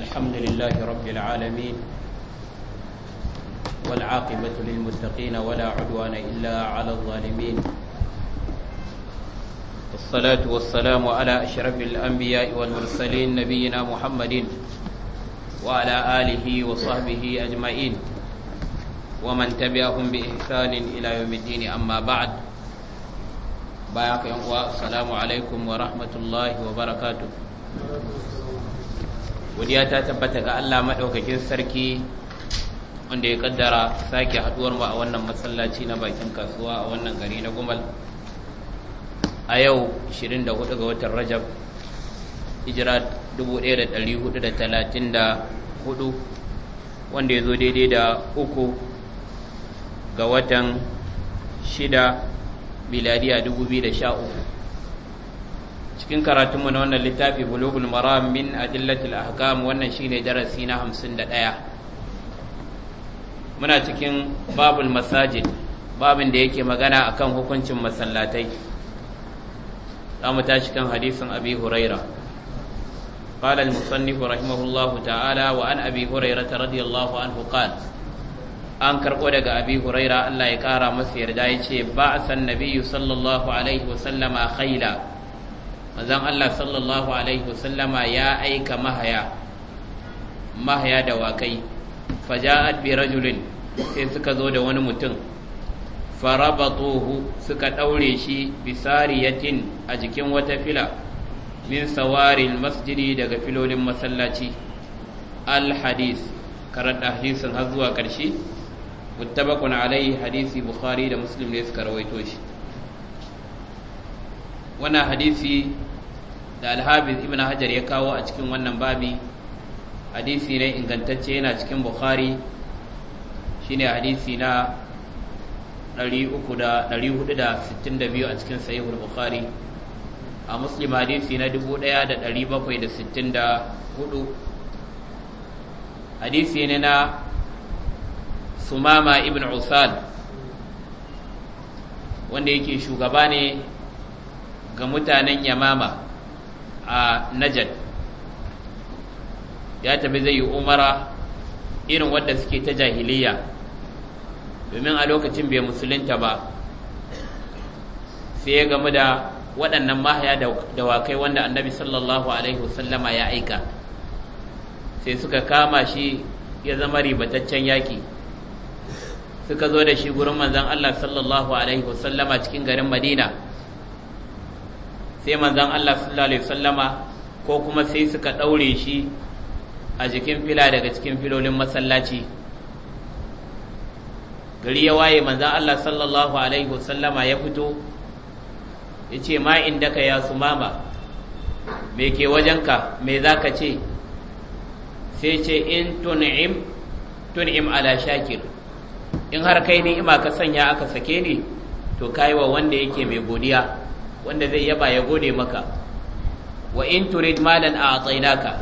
الحمد لله رب العالمين والعاقبة للمتقين ولا عدوان إلا على الظالمين والصلاة والسلام على أشرف الأنبياء والمرسلين نبينا محمد وعلى آله وصحبه أجمعين ومن تبعهم بإحسان إلى يوم الدين أما بعد باقي السلام عليكم ورحمة الله وبركاته godiya ta tabbata ga Allah maɗaukakin sarki wanda ya kaddara sake haduwar mu a wannan masallaci na bakin kasuwa a wannan gari na gumal a yau 24 ga watan rajab hijira 1434 wanda ya zo daidai da uku ga watan shida miladiya 2013 cikin karatunmu na wannan littafi bulugul maram min adillatil ahkam wannan shine darasi na 51 muna cikin babul masajid babin da yake magana akan hukuncin masallatai za mu tashi kan hadisin abi huraira قال المصنف رحمه الله تعالى وعن أبي هريرة رضي الله عنه an karɓo daga abi huraira Allah ya ƙara masa yarda ya ce ba san nabiyyu sallallahu alaihi wasallama khaila manzan Allah sallallahu alaihi wasallama ya aika mahaya mahaya da wakai faja'ad bi rajulin sai suka zo da wani mutum farabatuhu suka ɗaure shi bisari yatin a jikin wata fila min sawarin masjidi daga filolin masallaci alhadis hadis karanta hadisin har zuwa ƙarshe mutabakun alaihi hadisi bukhari da muslim ne suka rawaito shi wannan hadisi da alhabis ibn hajar ya kawo a cikin wannan babi hadisi ne ingantacce yana cikin bukhari shine hadisi na 462 a cikin sahihul bukhari a muslim hadisi na 1764 hadisi ne na sumama ibn usal wanda yake shugaba ne ga mutanen yamama a najad ya tafi zai yi umara irin wadda suke ta jahiliya domin a lokacin bai musulunta ba sai ya gamu da waɗannan mahaya da dawakai wanda annabi sallallahu alaihi wasallama ya aika sai suka kama shi ya zama ribataccen yaki suka zo da shi gurin manzan Allah sallallahu alaihi wasallama cikin garin Madina sai manzan Allah sallallahu alaihi wasallama ko kuma sai suka daure shi a jikin fila daga cikin filolin masallaci gari ya waye manzan Allah sallallahu alaihi wasallama ya fito ya ce ma inda ka ya sumama me ke wajenka me za ka ce sai ce in tun'im tun'im ala shakir in har kai ima ka sanya aka sake ni to kaiwa wanda yake mai godiya wanda zai yaba ya gode maka wa in turid malan a'tainaka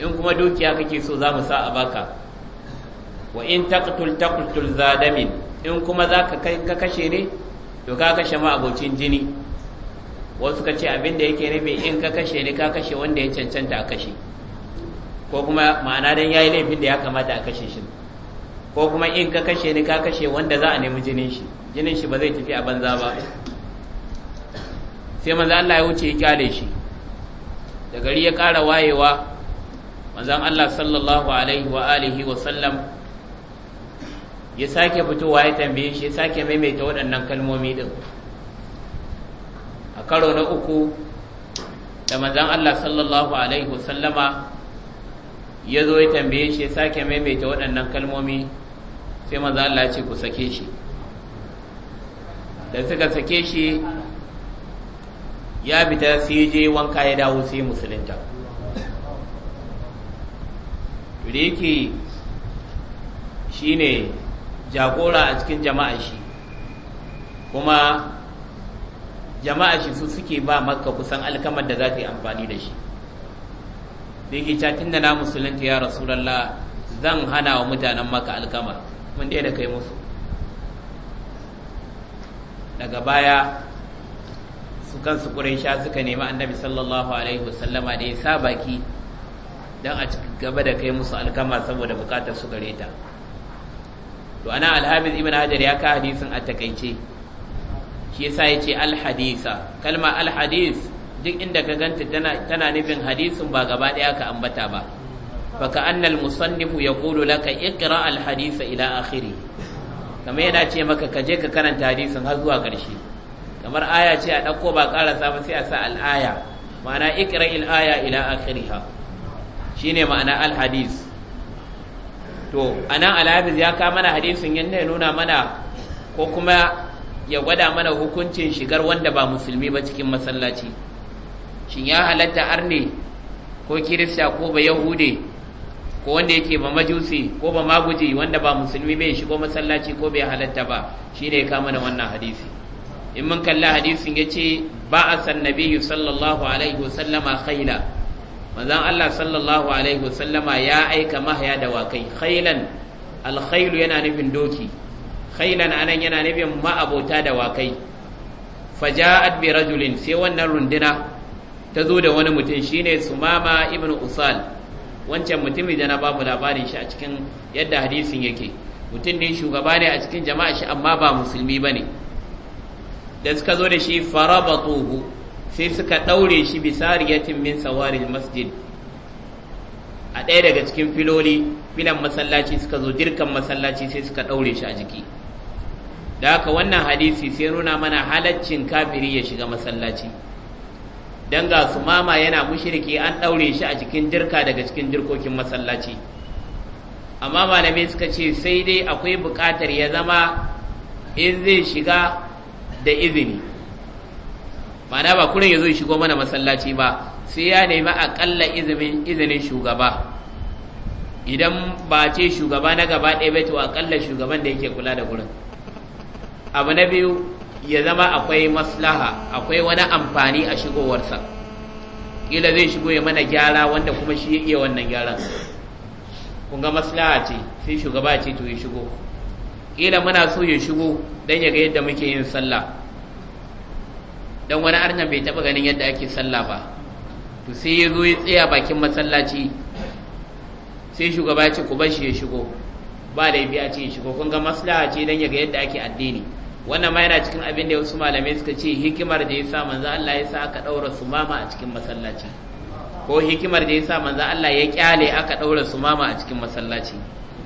in kuma dukiya kake so za mu sa a baka wa in taqtul taqtul zadamin in kuma zaka kai ka kashe ne to ka kashe ma abocin jini wasu ka ce abin da yake nufi in ka kashe ne ka kashe wanda ya cancanta a kashe ko kuma ma'ana dan yayi laifin da ya kamata a kashe shi ko kuma in ka kashe ne ka kashe wanda za a nemi jinin shi jinin shi ba zai tafi a banza ba sai manzan Allah ya wuce ya kyale shi da gari ya ƙara wayewa manzan Allah sallallahu alaihi wa alihi wa sallam ya sake fitowa ya tambaye shi ya sake maimaita waɗannan kalmomi din a karo na uku da manzan Allah sallallahu alaihi wa sallama ya zo ya tambaye shi ya sake maimaita waɗannan kalmomi sai manzan Allah ya ce ku sake shi da suka sake shi ya fita sai je wanka ya dawo sai musulunta to da yake shine jagora a cikin jama'a shi kuma jama'a shi su suke ba makka kusan alkamar da za ta yi amfani da shi da yake catin da na musulunta ya rasulallah zan hana wa mutanen maka alkamar, mun da kai musu daga baya su kansu ƙuraisha suka nemi annabi sallallahu alaihi wasallama da ya sa baki don a gaba da kai musu alkama saboda bukatar su gare ta to ana alhamis ibn hajar ya ka hadisin a takaice shi yasa yace alhadisa kalma alhadis duk inda ka ganta tana nufin hadisin ba gaba daya ka ambata ba baka annal musannifu yaqulu laka iqra alhadisa ila akhiri kamar yana ce maka ka je ka karanta hadisin har zuwa ƙarshe kamar aya ce a ɗauko ba ƙara ba sai a sa al'aya ma'ana ikra il'aya ila akhiriha shine ma'ana alhadis to anan nan ya ka mana hadisin yadda ya nuna mana ko kuma ya gwada mana hukuncin shigar wanda ba musulmi ba cikin masallaci shin ya halatta arne ko kirista ko ba yahude ko wanda yake ba majusi ko ba maguji wanda ba musulmi bai shigo masallaci ko bai halatta ba shine ya kama na wannan hadisi in mun kalla hadisin yace ba a san nabiyyu sallallahu alaihi wasallama khaila manzon Allah sallallahu alaihi wasallama ya aika mahaya da wakai khailan alkhailu yana nufin doki khailan anan yana nufin ma'abota da wakai faja'at bi rajulin sai wannan runduna ta zo da wani mutum shine sumama ibn usal wancan mutumin da na babu labarin shi a cikin yadda hadisin yake mutum ne shugaba ne a cikin jama'a shi amma ba musulmi bane da suka zo da shi farabatuhu sai suka daure shi bisariyatin min sawaril masjid a ɗaya daga cikin filoli filan masallaci suka zo dirkan masallaci sai suka daure shi a jiki da haka wannan hadisi sai nuna mana halaccin kafiri ya shiga masallaci dan ga su mama yana mushriki an ɗaure shi a cikin jirka daga cikin jirkokin masallaci amma malamai suka ce sai dai akwai buƙatar ya zama in zai shiga da izini mana ba kurin ya zo shigo mana masallaci ba sai ya nemi akalla izinin izinin shugaba idan ba ce shugaba na gaba ɗaya bai to akalla shugaban da yake kula da gurin abu na biyu ya zama akwai maslaha akwai wani amfani a shigowarsa ƙila zai shigo ya mana gyara wanda kuma shi ya iya wannan gyaran kun ga maslaha ce sai shugaba ce to ya shigo kila muna so ya shigo dan ya ga yadda muke yin sallah dan wani arna bai taba ganin yadda ake sallah ba to sai ya zo ya tsaya bakin masallaci sai shugaba ya ce ku bashi ya shigo ba laifi a ce ya shigo kun ga maslaha ce dan ya ga yadda ake addini wannan ma yana cikin abin da wasu malamai suka ce hikimar da ya sa manzo Allah ya sa aka daura mama a cikin masallaci ko hikimar da ya sa manzo Allah ya kyale aka daura mama a cikin masallaci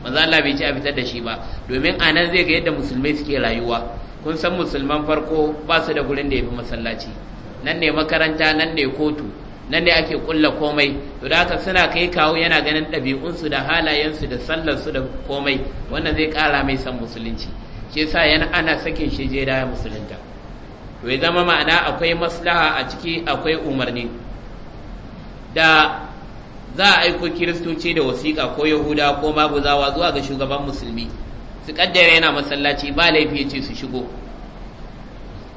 manzo Allah bai ce a fitar da shi ba domin a nan zai ga yadda musulmai suke rayuwa kun san musulman farko ba su da gurin da ya fi masallaci nan ne makaranta nan ne kotu nan ne ake kulla komai to da haka suna kai kawo yana ganin ɗabi'unsu da halayensu da sallar su da komai wannan zai kara mai san musulunci shi yasa yana ana sakin shi je da musulunta to ya zama ma'ana akwai maslaha a ciki akwai umarni da za a aiko kiristoci da wasiƙa ko yahuda ko maguzawa zuwa ga shugaban musulmi su kaddara yana masallaci ba laifi ya ce su shigo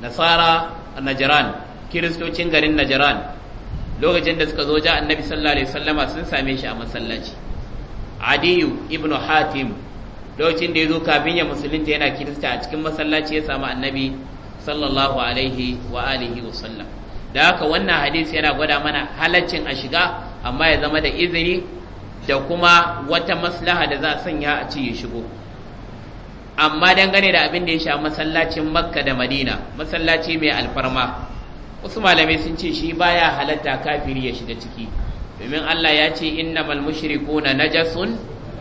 nasara najaran kiristocin garin najaran lokacin da suka zo ja annabi sallallahu alaihi wasallama sun same shi a masallaci adiyu ibnu hatim lokacin da ya zo kafin ya musulunta yana kirista a cikin masallaci ya samu annabi sallallahu alaihi wa alihi wa sallam da haka wannan hadisi yana gwada mana halaccin a shiga amma ya zama da izini da kuma wata maslaha da za a sanya a ci ya shigo amma dangane da abin da ya sha masallacin makka da madina masallaci mai alfarma wasu malamai sun ce shi baya halatta kafiri ya shiga ciki domin allah ya ce innamal mushrikuna najasun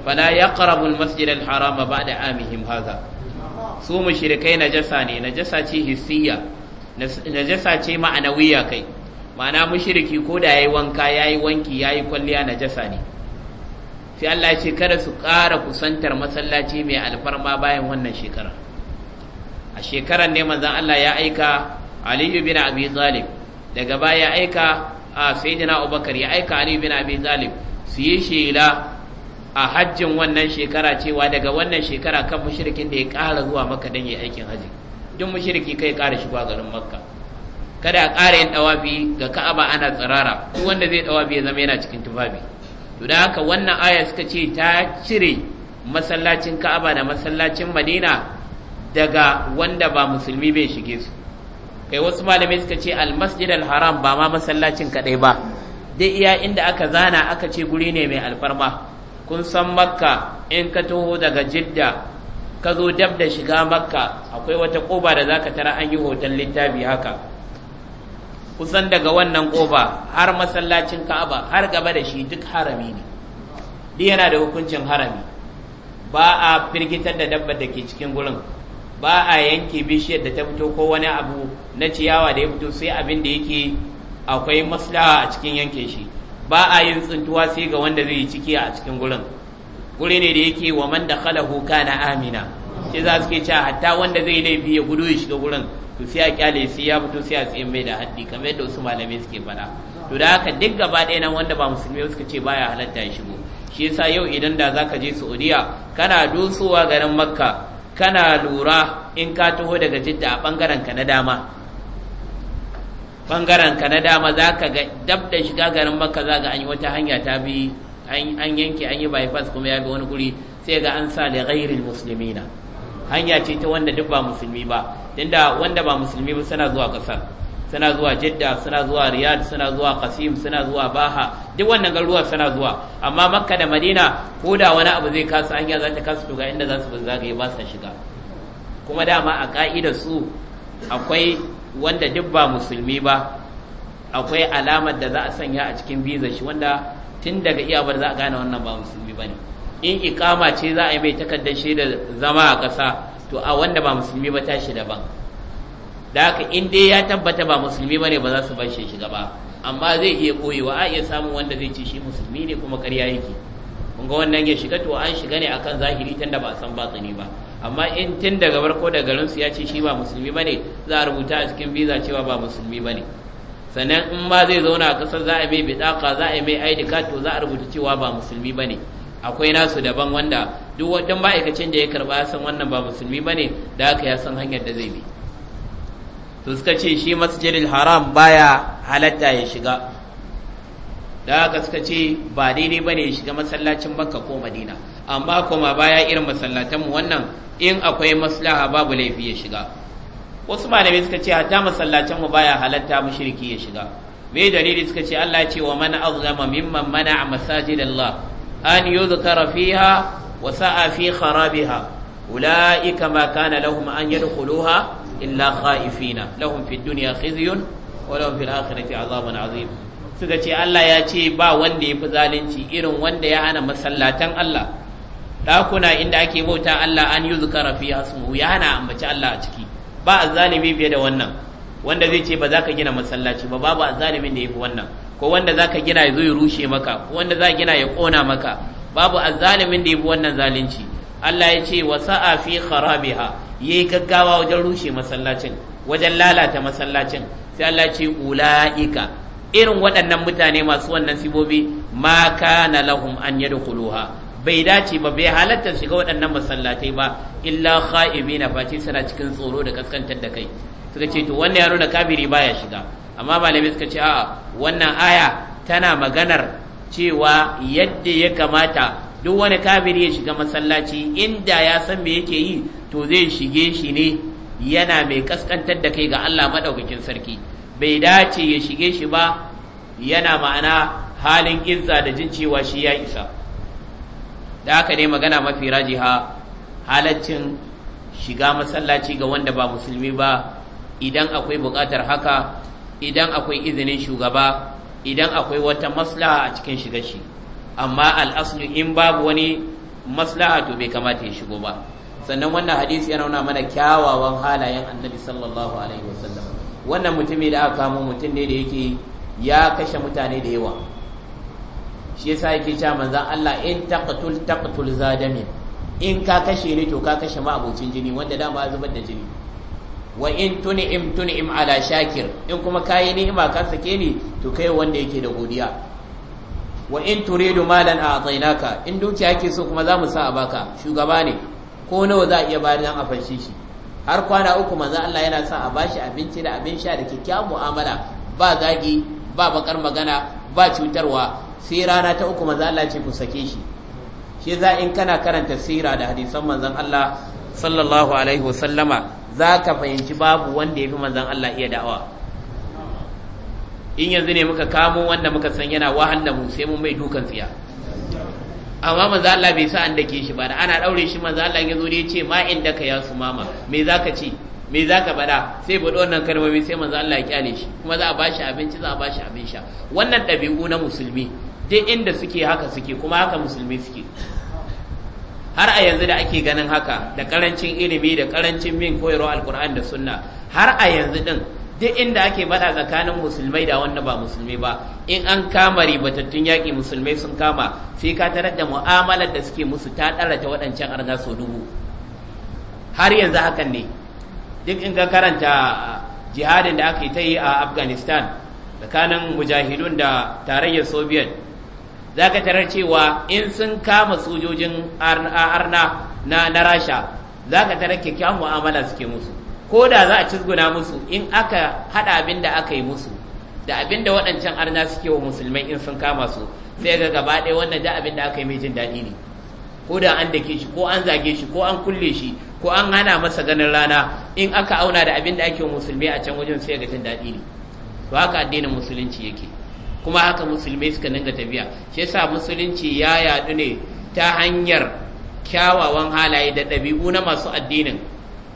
fala yaqrabu almasjid ba ba'da amihim haza. su mushrikai najasa ne najasa ce hissiya najasa ce ma'ana wuya kai ma'ana mushiriki ko da ya yi wanka ya yi wanki ya yayi kwalliya najasa ne sai Allah ce kada su ƙara kusantar masallaci mai alfarma bayan wannan shekara a shekarar ne manzan Allah ya aika Aliyu bin Abi Talib daga baya aika a Sayyidina Abubakar ya aika Aliyu bin Abi Talib su yi shela a hajjin wannan shekara cewa daga wannan shekara kan mushrikin da ya ƙara zuwa maka dan yi aikin hajji duk mushriki kai ƙara shigowa garin makka kada a ƙara yin dawafi ga ka'aba ana tsirara duk wanda zai dawafi ya zama yana cikin tufafi to da haka wannan aya suka ce ta cire masallacin ka'aba da masallacin madina daga wanda ba musulmi bai shige su kai wasu malamai suka ce almasjid alharam ba ma masallacin kaɗai ba dai iya inda aka zana aka ce guri ne mai alfarma kun san makka in ka taho daga jidda ka zo dab da shiga makka akwai wata ƙoba da zaka tara an yi hoton littafi haka kusan daga wannan ƙoba har masallacin ka'aba har gaba da shi duk harami ne duk yana da hukuncin harami ba a firgitar da dabba da ke cikin gurin ba a yanke bishiyar da ta fito ko wani abu na ciyawa da ya fito sai abin da yake akwai maslaha a cikin yanke shi ba a yin tsintuwa sai ga wanda zai yi ciki a cikin gurin wuri ne da yake wa man dakhalahu kana amina shi za su ke cewa hatta wanda zai laifi ya gudu ya shiga wurin to sai a kyale sai ya fito sai a tsaye mai da haddi kamar yadda wasu malamai suke faɗa to da haka duk gaba ɗaya nan wanda ba musulmi suka ce baya halatta ya shigo shi yasa yau idan da zaka je Saudiya kana dosowa garin Makka kana lura in ka taho daga Jidda a bangaren ka na dama bangaren ka na dama zaka ga dab da shiga garin Makka zaka an yi wata hanya ta bi an yanke an yi bypass kuma ya bi wani guri sai ga an sa da ghairil muslimina hanya ce ta wanda duk ba musulmi ba tunda wanda ba musulmi ba suna zuwa kasar suna zuwa jidda suna zuwa riyad suna zuwa qasim suna zuwa baha duk wannan garuruwa suna zuwa amma makka da madina ko da wani abu zai kasa hanya za ta kasa ga inda za su zagaye ba sa shiga kuma dama a ka'idar su akwai wanda duk ba musulmi ba akwai alamar da za a sanya a cikin bizar shi wanda tun daga bar za a gane wannan ba musulmi bane in ikama ce za a yi mai takardar shaidar zama a ƙasa to a wanda ba musulmi ba tashi daban da haka in dai ya tabbata ba musulmi bane ba za su bar shi shiga ba amma zai iya koyewa a iya samun wanda zai ce shi musulmi ne kuma ƙarya yake kun ga wannan ya shiga to an shiga ne akan zahiri tunda ba san batsini ba amma in tun daga farko da garinsu ya ce shi ba musulmi bane za a rubuta a cikin biza cewa ba musulmi bane sannan in ma zai zauna a kasar za a mai bidaka za a mai ID card to za a rubuta cewa ba musulmi bane akwai nasu daban wanda duk wani ma'aikacin da ya karba ya san wannan ba musulmi bane da aka ya san hanyar da zai bi to suka ce shi masjidil haram baya halatta ya shiga da aka suka ce ba daidai bane ya shiga masallacin bakka ko Madina amma kuma baya irin masallatanmu wannan in akwai maslaha babu laifi ya shiga wasu malamai suka ce hatta masallacin mu baya halatta mushriki ya shiga me dalili suka ce Allah ya ce wa man azlama mimman mana'a masajidallah an yuzkara fiha wa sa'a fi kharabiha أولئك ما كان لهم أن يدخلوها إلا خائفين لهم في الدنيا خزي ولهم في الآخرة عذاب عظيم suka ce Allah ya ce ba wanda ya fi zalunci irin wanda ya hana masallatan Allah ɗakuna inda ake bauta Allah an yi zukara fi ya hana ambaci Allah a ciki ba azzalimi fiye da wannan wanda zai ce ba za ka gina masallaci ba babu azzalimin da ya fi wannan ko wanda za ka gina ya zo ya rushe maka ko wanda za gina ya ƙona maka babu azzalimin da ya fi wannan zalunci Allah ya ce wa sa'a fi kharabiha yayi gaggawa wajen rushe masallacin wajen lalata masallacin sai Allah ya ce ulaika irin waɗannan mutane masu wannan sibobi ma kana lahum an yadkhuluha bai dace ba bai halatta shiga waɗannan masallatai ba illa na fati suna cikin tsoro da kaskantar da kai suka ce to wannan yaro nuna kafiri baya shiga amma malami suka ce a'a wannan aya tana maganar cewa yadda ya kamata duk wani kabiri ya shiga masallaci inda ya san me yake yi to zai shige shi ne yana mai kaskantar da kai ga Allah madaukakin sarki bai dace ya shige shi ba yana ma'ana halin izza da jin cewa shi ya isa da aka dai magana mafi rajiha halaccin shiga masallaci ga wanda ba musulmi ba idan akwai buƙatar haka idan akwai izinin shugaba idan akwai wata maslaha a cikin shiga shi amma al'aslu in babu wani maslaha to bai kamata ya shigo ba sannan wannan hadisi ya nuna mana kyawawan halayen annabi sallallahu alaihi wasallam wannan mutumin da aka kamo mutum ne da yake ya kashe mutane da yawa shi yasa yake cewa manzon Allah in taqtul taqtul zadamin in ka kashe ni to ka kashe ma abocin jini wanda ba zubar da jini wa in tun'im tun'im ala shakir in kuma kayi ni'ima ka sake ni to kai wanda yake da godiya wa in turidu malan a'tainaka in dukiya yake so kuma za mu sa a baka shugaba ne ko nawa za a iya bayar dan a fanshe shi har kwana uku manzo Allah yana sa a bashi abinci da abin sha da kyakkyawan mu'amala ba zagi ba bakar magana ba cutarwa sai rana ta uku maza Allah ce ku sake shi shi za in kana karanta sira da hadisan manzon Allah sallallahu alaihi wasallama za ka fahimci babu wanda ya fi manzon Allah iya da'awa in yanzu ne muka kamo wanda muka san yana wahal da mu sai mun mai dukan tsiya amma manzo Allah bai sa an dake shi ba da ana daure shi manzo Allah ya zo da ya ce ma inda ka ya su mama me zaka ce me za ka faɗa sai faɗi wannan kalmomi sai manzo Allah ya kyale shi kuma za a ba shi abinci za a ba shi abin sha wannan ɗabi'u na musulmi duk inda suke haka suke kuma haka musulmi suke har a yanzu da ake ganin haka da karancin ilimi da karancin min koyarwa alkur'an da sunna har a yanzu din duk inda ake bada tsakanin musulmai da wanda ba musulmi ba in an kama ribatattun yaƙi musulmai sun kama sai ka tarar da mu'amalar da suke musu ta ɗara ta waɗancan arna sau dubu har yanzu hakan ne duk in ka karanta jihadin da aka yi ta yi a afghanistan tsakanin mujahidun da tarayyar soviet za ka tarar cewa in sun kama sojojin arna na rasha za ka tarar kyakkyawan mu'amala suke musu ko da za a cizguna musu in aka haɗa abin da aka yi musu da abin da waɗancan arna suke wa musulmai in sun kama su sai ga gaba ɗaya wannan da abin da aka yi mai jin daɗi ne ko da an dake shi ko an zage shi ko an kulle shi ko an hana masa ganin rana in aka auna da abin da ake musulmi a can wajen sai ga jin daɗi ne to haka addinin musulunci yake kuma haka musulmi suka dinga tafiya shi yasa musulunci ya yaɗu ne ta hanyar kyawawan halaye da ɗabi'u na masu addinin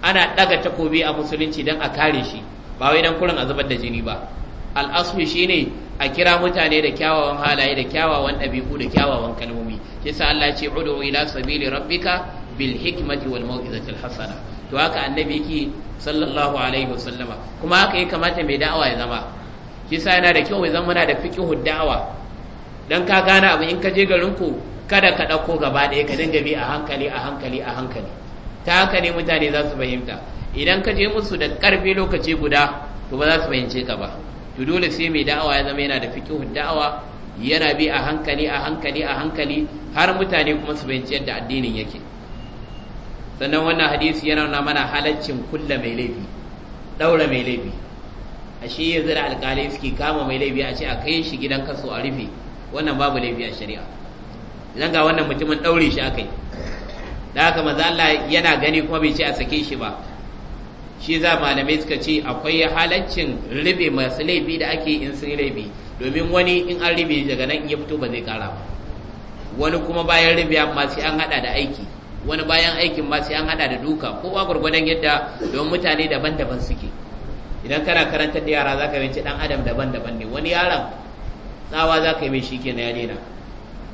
ana ɗaga takobi a musulunci don a kare shi ba wai don kurin a zubar da jini ba al'asmi shi ne a kira mutane da kyawawan halaye da kyawawan ɗabi'u da kyawawan kalmomi sa Allah ce ud'u ila sabili rabbika bil hikmati wal mau'izati al hasana to haka annabi yake sallallahu alaihi wasallama kuma haka ya kamata mai da'awa ya zama sa yana da kyau ya zama na da fiqhu da'awa dan ka gane abu in ka je garin ku kada ka ɗauko gaba daya ka dinga bi a hankali a hankali a hankali ta haka ne mutane za su fahimta idan ka je musu da karfi lokaci guda to ba za su fahimce ka ba to dole sai mai da'awa ya zama yana da fikihun da'awa yana bi a hankali a hankali a hankali har mutane kuma su bayyana yadda addinin yake sannan wannan hadisi yana nuna mana halaccin kulla mai laifi daura mai laifi ashe yanzu da alƙalai suke kama mai laifi a ce a kai shi gidan kaso a rufe wannan babu laifi a shari'a idan ga wannan mutumin daure shi akai da haka maza Allah yana gani kuma bai ce a sake shi ba shi za malamai suka ce akwai halaccin rube masu laifi da ake in sun rabe domin wani in an ribe daga nan ya fito ba zai kara ba wani kuma bayan ribe amma sai an hada da aiki wani bayan aikin ma sai an hada da duka kowa gurgurdan yadda don mutane daban-daban suke idan kana karantar da yara zaka bince dan adam daban-daban ne wani yaran tsawa zaka yi mai shi kenan ya daina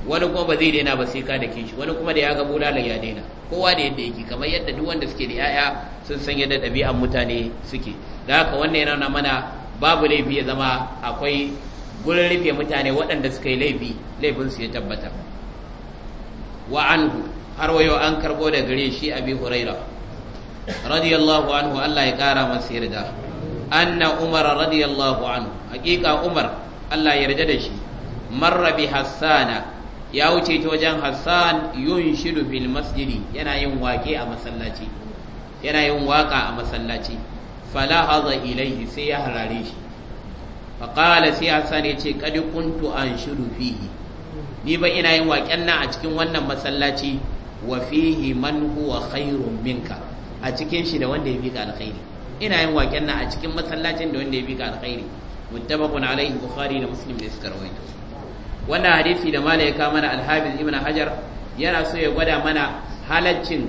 wani kuma ba zai daina ba sai ka dake shi wani kuma da ya ga bulalar ya daina kowa da yadda yake kamar yadda duk wanda suke da yaya sun san yadda ɗabi'an mutane suke da haka wannan yana mana babu laifi ya zama akwai gurin rufe mutane waɗanda suka yi laifi laifin su ya tabbata wa anhu har wayo an karbo da gare shi abi huraira radiyallahu anhu Allah ya kara masa yarda anna umar radiyallahu anhu hakika umar Allah ya yarda da shi marra bi hassana ya wuce ta wajen Hassan yun shidu fil masjidi yana yin waƙe a masallaci yana yin waƙa a masallaci fala haza ilaihi sai ya harare shi faƙala sai Hassan ya ce kadi kuntu an shidu fihi ni ba ina yin waƙen nan a cikin wannan masallaci wa fihi man huwa khairun minka a cikin shi da wanda ya fi ka alkhairi ina yin waƙen nan a cikin masallacin da wanda ya fi ka alkhairi muttafaqun alaihi bukhari da muslim da suka rawaito wannan hadisi da mala ya kawo mana alhabis ibn hajar yana so ya gwada mana halaccin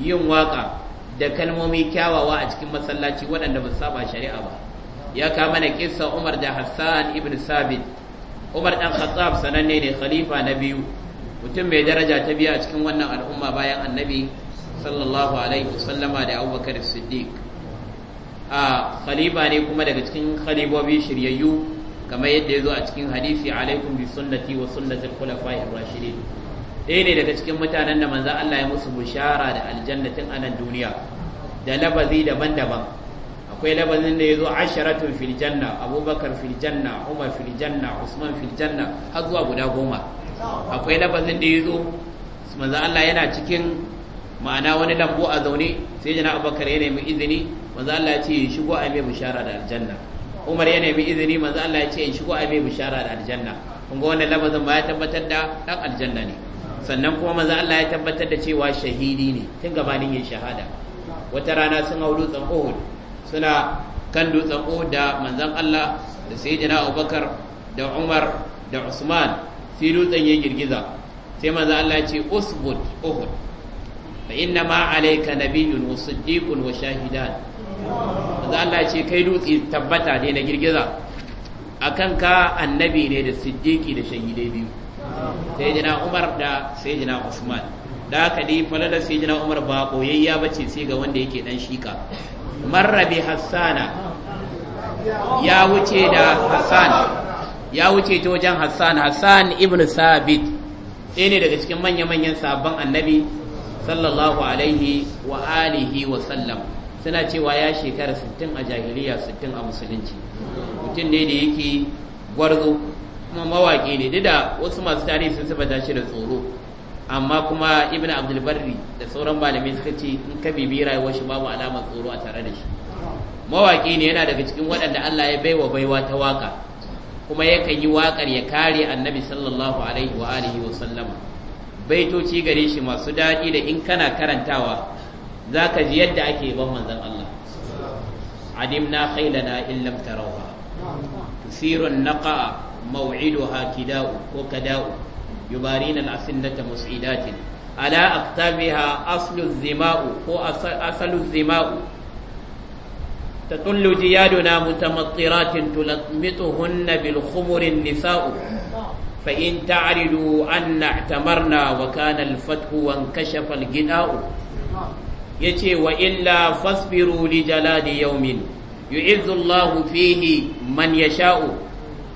yin waka da kalmomi kyawawa a cikin masallaci waɗanda ba saba shari'a ba ya kama mana kissa umar da hassan ibn sabit umar dan khattab sananne ne khalifa na biyu mutum mai daraja ta biya a cikin wannan al'umma bayan annabi sallallahu alaihi wasallama da abubakar siddiq a ah, khalifa ne kuma daga cikin khalibobi shiryayyu kamar yadda ya zo a cikin hadisi alaikum bi sunnati wa sunnati al-khulafa'i ar-rashidin ɗaya ne daga cikin mutanen da manzon Allah ya musu bushara da aljannatin anan duniya da labazi daban-daban akwai labazin da ya zo asharatun fil janna abubakar fil janna umar fil janna usman fil janna har zuwa guda goma akwai labazin da ya zo manzon Allah yana cikin ma'ana wani lambu a zaune sai jana abubakar ya nemi izini manzon Allah ya ce shigo a mai bushara da aljanna Umar ya nemi izini manzo Allah ya ce in shigo a bishara da aljanna kun ga wannan lafazin ba ya tabbatar da dan aljanna ne sannan kuma manzo Allah ya tabbatar da cewa shahidi ne tun gabanin yin shahada wata rana sun hau dutsen Uhud suna kan dutsen Uhud da manzon Allah da sayyidina Abubakar da Umar da Usman sai dutsen ya girgiza sai manzo Allah ya ce usbut Uhud fa inna ma alayka nabiyyun wa siddiqun wa shahidan manzo Allah ce kai dutse tabbata ne na girgiza akan ka annabi ne da siddiki da shahidai biyu jina Umar da jina Usman da haka falala jina Umar ba koyayya ce sai ga wanda yake dan shika marrabi hassana ya wuce da hassan ya wuce ta wajen hassan hassan ibn sabit ɗaya ne daga cikin manya-manyan sabon annabi sallallahu alaihi wa alihi wa sallam suna cewa ya shekara 60 a jahiliya 60 a musulunci mutum ne da yake gwarzo kuma mawaƙi ne duk da wasu masu tarihi sun saba tashi da tsoro amma kuma ibn abdulbarri da sauran malamai suka ce in ka bibi rayuwar shi babu alamar tsoro a tare da shi mawaƙi ne yana daga cikin waɗanda Allah ya baiwa baiwa ta waka kuma yakan yi waƙar ya kare annabi sallallahu alaihi wa alihi wa sallama baitoci gare shi masu daɗi da in kana karantawa za ka ji yadda ake ban manzan Allah adimna khailana in lam tarawha tusirun naqa maw'iduha kida'u ko kada'u yubarina al-asinnata mus'idatin ala aqtabiha aslu zima'u ko asalu zima'u تطل جيادنا متمطرات تلطمطهن بالخمر النساء فإن تعرضوا أن اعتمرنا وكان الفتح وانكشف الجناء yace wa illa fasbiru li jaladi yawmin yu'izzu Allahu fihi man yasha'u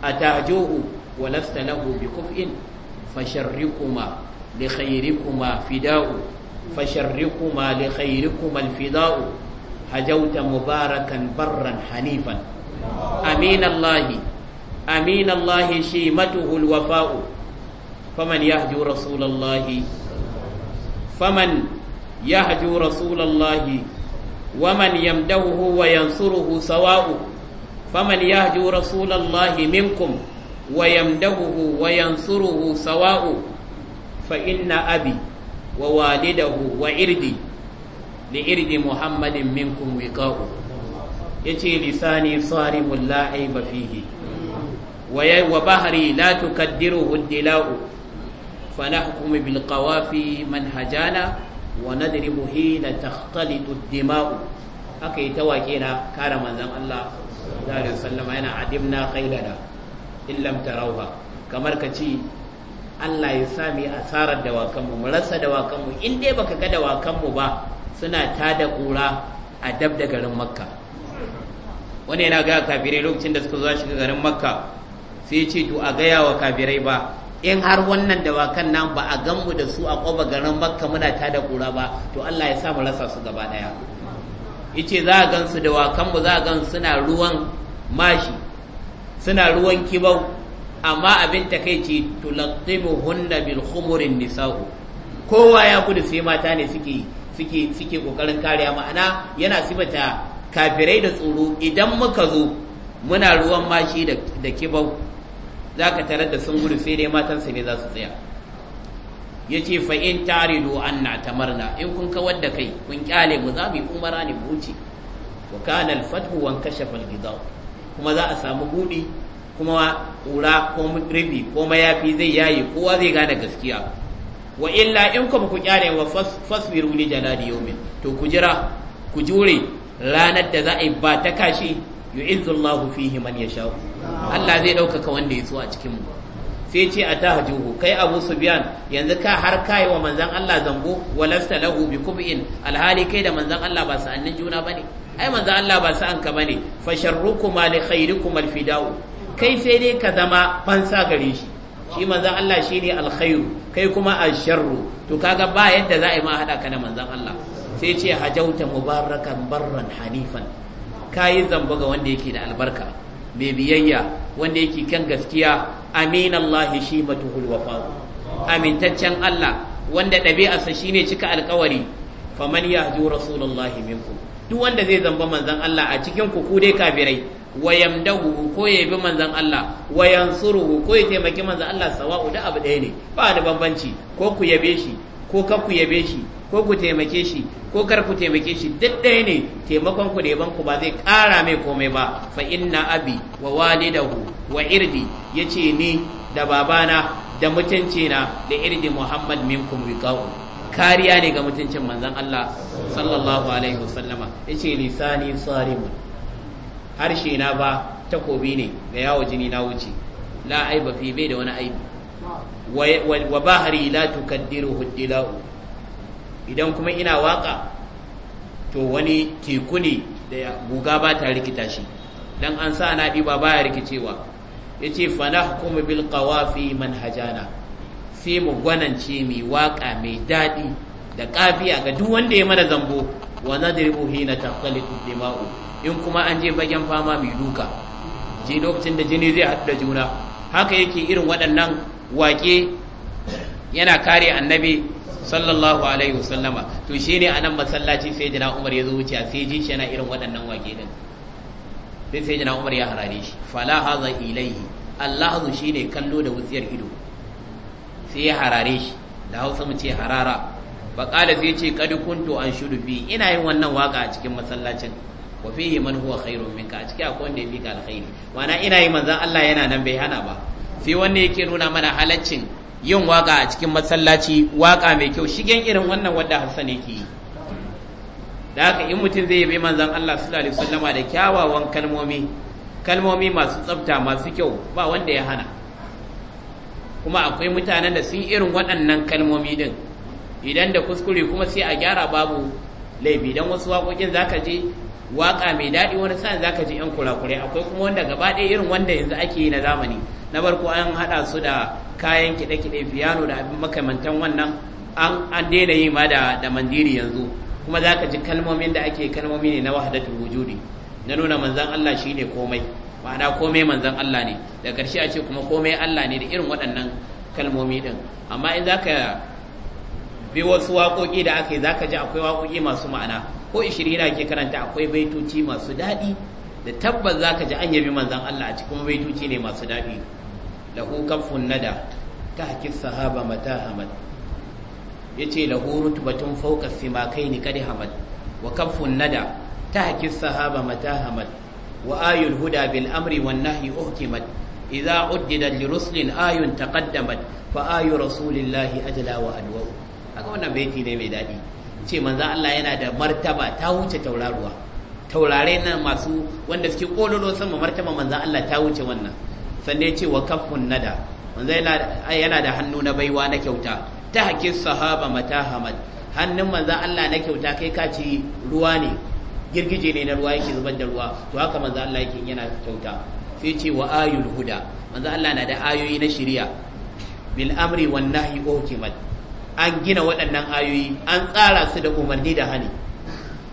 atahjuhu wa lasta lahu bi kuf'in fasharrikuma li khayrikuma fida'u fasharrikuma li khayrikuma al-fida'u hajauta mubarakan barran hanifan amin Allah amin Allah shimatuhu al-wafa'u faman yahju rasulallahi faman yahju rasulallahi wa man yamdahu wa yansuruhu sawa'u fa inna abi wa walidahu wa irdi li muhammadin minkum wiqa'u yace lisani sarimul la'ib fihi wa wa bahri la tukaddiruhu dilau فنحكم بالقوافي من هجانا wa nadribu hina takhtalitu dima'u aka yi tawake na kare manzon Allah sallallahu alaihi wasallam yana adimna khailana illam tarawha kamar ka Allah ya sami asarar dawakanmu mu rasa dawakanmu in dai baka ga da mu ba suna tada ƙura a dab da garin makka wani yana ga kafirai lokacin da suka zo shiga garin makka sai ce to a gaya wa kafirai ba in har wannan da dawakan nan ba a ganmu da su a ƙoba garin makka muna ta da ƙura ba to Allah ya sa mu rasa su gaba ɗaya ice za a gan su gansu mu za a gan suna ruwan mashi suna ruwan kibau amma abin ta takaici tulaqtimu hunna bil khumurin nisa'u kowa ya gudu sai mata ne suke suke suke kokarin kariya ma'ana yana sibata kafirai da tsoro idan muka zo muna ruwan mashi da kibau za ka tarar da sun gudu sai dai matansa ne za su tsaya ya ce fa in taridu ta tamarna in kun kawar da kai kun kyale mu za mu yi umara ne mu wuce wa kana kashe fathu kashe kuma za a samu buɗi kuma ƙura ko ribi ko mayafi zai yayi kowa zai gane gaskiya wa illa in kuma ku kyale wa fasbiru jana da yomin. to ku jira ku jure ranar da za a yi ba ta kashi yu'izzu Allahu fihi man yasha Allah zai ɗaukaka wanda ya so a cikin mu sai ce a tahjuhu kai Abu Sufyan yanzu ka har kai wa manzon Allah zambo walasta lahu bi kub'in alhali kai da manzon Allah ba sa'annin juna bane ai manzon Allah ba sa'an ka bane fa sharrukum li khairikum alfida'u kai sai dai ka zama fansa gare shi shi manzon Allah shine alkhairu kai kuma asharru to kaga ba yadda za a yi ma hada ka da manzon Allah sai ce hajauta mubarakan barran hanifan kayi zamba ga wanda yake da albarka mai biyayya wanda yake kan gaskiya aminallahi Allah shi matuhul wafa amintaccen Allah wanda ɗabi'arsa shine cika alkawari faman yahju rasulullahi minkum duk wanda zai zamba manzon Allah a cikin ku ku dai kafirai wayamdahu, ko ya bi manzon Allah wa ko ya taimaki manzon Allah sawa'u da abu ɗaya ne ba da bambanci ko ku yabe shi ko kar ku yabe shi ko ku taimake shi ko kar ku taimake shi duk ɗaya ne taimakon ku da yaban ku ba zai ƙara mai komai ba fa inna abi wa walidahu wa irdi yace ni da babana da mutunci na da irdi muhammad minkum wiqa'u kariya ne ga mutuncin manzon Allah sallallahu alaihi wasallama yace lisani sarimun harshe na ba takobi ne ga yawo jini na wuce la aiba fi bai da wani aibi wa bahari la tukaddiruhu dila'u idan kuma ina waka to wani teku ne da guga ba ta rikita shi dan an sa na ba baya rikicewa yace fanahkum bil qawafi manhajana sai mu gwanance mai waka mai dadi da kafiya ga duk wanda ya mana zambo wa nadribu hina taqalitu dima'u in kuma an je bagen fama mai duka je lokacin da jini zai haɗu da juna haka yake irin waɗannan wake yana kare annabi sallallahu alaihi wasallama to shine a nan masallaci sai jina umar ya zo wuce sai ji shi yana irin waɗannan wake din sai sai jina umar ya harare shi fala haza ilaihi allah ne kallo da wutsiyar ido sai ya harare shi da hausa mu ce harara baƙala sai ce kadi kuntu an shudu ina yin wannan waka a cikin masallacin wa fihi man huwa khairun minka a cikin akwai wanda ya fi ka alkhairi ma'ana ina yi manzan Allah yana nan bai hana ba sai wanne yake nuna mana halaccin yin waka a cikin masallaci waka mai kyau shigen irin wannan wadda Hassan yake yi da haka in mutum zai bai manzon Allah sallallahu alaihi wasallama da kyawawan kalmomi kalmomi masu tsafta masu kyau ba wanda ya hana kuma akwai mutanen da sun irin waɗannan kalmomi din idan da kuskure kuma sai a gyara babu laifi don wasu waƙoƙin zaka je waƙa mai daɗi wani sa'in zaka ji yan kurakurai akwai kuma wanda gaba ɗaya irin wanda yanzu ake yi na zamani na farko an haɗa su da kayan kiɗe-kiɗe fiyano da abin makamantan wannan an an daina yi ma da da mandiri yanzu kuma za ka ji kalmomin da ake kalmomi ne na wahadatul wujudi na nuna manzan Allah shi ne komai ma'ana komai manzan Allah ne da ƙarshe a ce kuma komai Allah ne da irin waɗannan kalmomi din amma in zaka ka bi wasu waƙoƙi da aka yi za ka ji akwai waƙoƙi masu ma'ana ko ishirin ake karanta akwai baitoci masu daɗi da tabbas za ka ji an yabi manzan Allah a cikin baitoci ne masu daɗi lahu kafun nada ta tahki sahaba mata hamad yace lahu fauka fawqa simakaini kad hamad wa kafun nada ta tahki sahaba mata hamad wa ayun huda bil amri wan nahyi uhkimat idza uddidat li ruslin ayun taqaddamat fa ayu rasulillahi ajla wa adwa kaga wannan baiti ne mai dadi ce manzo Allah yana da martaba ta wuce tauraruwa taurare na masu wanda suke kololo sama martaba manzo Allah ta wuce wannan sannan ya ce wa kafin nada manzo yana da hannu na baiwa na kyauta ta hakin sahaba mata hamad hannun manzan Allah na kyauta kai ka ce ruwa ne girgije ne na ruwa yake zubar da ruwa to haka manzan Allah yake yana kyauta sai ce wa ayul huda manzan Allah na da ayoyi na shari'a bil amri wan nahyi uhkimat an gina waɗannan ayoyi an tsara su da umarni da hani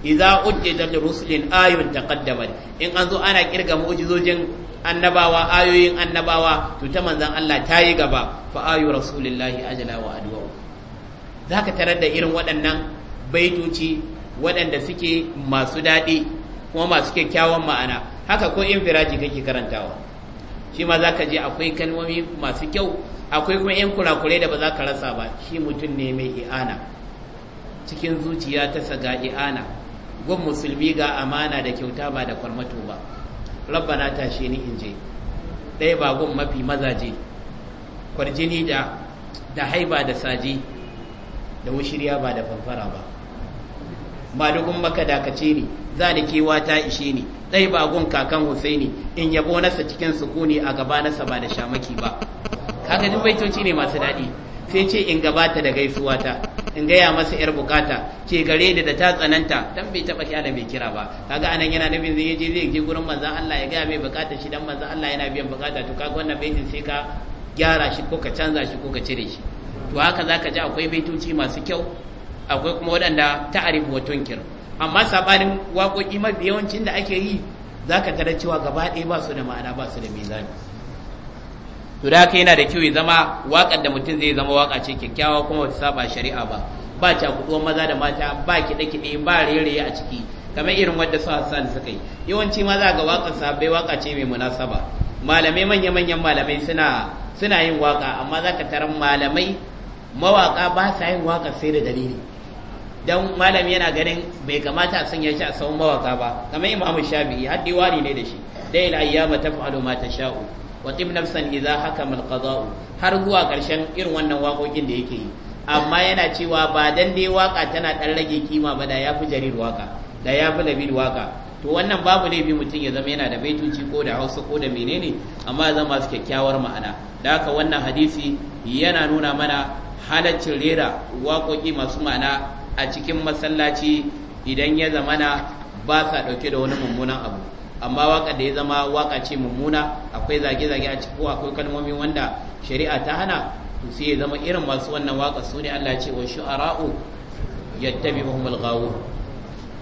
idza ujjidat rusulin ayun taqaddamat in an zo ana kirga mu'jizojin annabawa ayoyin annabawa to ta manzan Allah ta yi gaba fa ayu rasulillahi ajala wa adwa zaka tarar da irin waɗannan baitoci waɗanda suke masu daɗi kuma masu kyakkyawan ma'ana haka ko infiraji kake karantawa shi ma zaka je akwai kalmomi masu kyau akwai kuma yan kurakurai da ba za ka rasa ba shi mutum ne mai i'ana cikin zuciya ta saga i'ana gun musulmi ga amana da kyauta ba da kwarmato ba rabbana tashe ni inje je ɗaya bagon mafi mazaje kwarjini da haiba da saji da wushirya ba da fanfara ba malukun maka dakace ni za ni kewa ta ishe ni ɗaya bagon kakan husaini in yabo nasa cikin sukuni a gaba nasa ba da shamaki ba kaga duk baitoci ne masu daɗi sai ce in gabata da gaisuwa ta in gaya masa yar bukata ce gare da da ta tsananta dan bai taba da mai kira ba kaga anan yana nabin zai je zai je gurin manzon Allah ya gaya mai bukata shi dan manzon Allah yana biyan bukata to kaga wannan baitin sai ka gyara shi ko ka canza shi ko ka cire shi to haka zaka ji akwai baitoci masu kyau akwai kuma waɗanda arifu wa amma sabanin waƙoƙi mafi yawancin da ake yi zaka tarar cewa gaba ɗaya ba su da ma'ana ba su da mizani to da haka yana da kyau ya zama waƙar da mutum zai zama waƙa ce kyakkyawa kuma wata saba shari'a ba ba ta cakuɗuwar maza da mata ba kiɗe-kiɗe ba rere a ciki kamar irin wadda su Hassan suka yi yawanci maza ga waƙar sabai waƙa ce mai munasaba malamai manya-manyan malamai suna yin waƙa amma za ka taron malamai mawaƙa ba sa yin waƙa sai da dalili don malami yana ganin bai kamata a sanya shi a tsawon mawaƙa ba kamar imamu shafi'i haɗi wani ne da shi dai al ayyama taf'alu mata sha'u wa tim nafsan idza hakama alqada'u har zuwa karshen irin wannan waƙoƙin da yake yi amma yana cewa ba dan dai waka tana dan rage kima ba da yafi jarir waka da yafi labir waka to wannan babu laifi mutum ya zama yana da baitoci ko da hausa ko da menene amma ya zama su kyakkyawar ma'ana da haka wannan hadisi yana nuna mana halaccin rera waƙoƙi masu ma'ana a cikin masallaci idan ya zamana ba sa ɗauke da wani mummunan abu amma waka da ya zama waka ce mummuna akwai zage-zage a ciki ko akwai kalmomi wanda shari'a ta hana to sai ya zama irin masu wannan waka su ne Allah ce wa shu'ara'u yattabi'uhum al-ghawun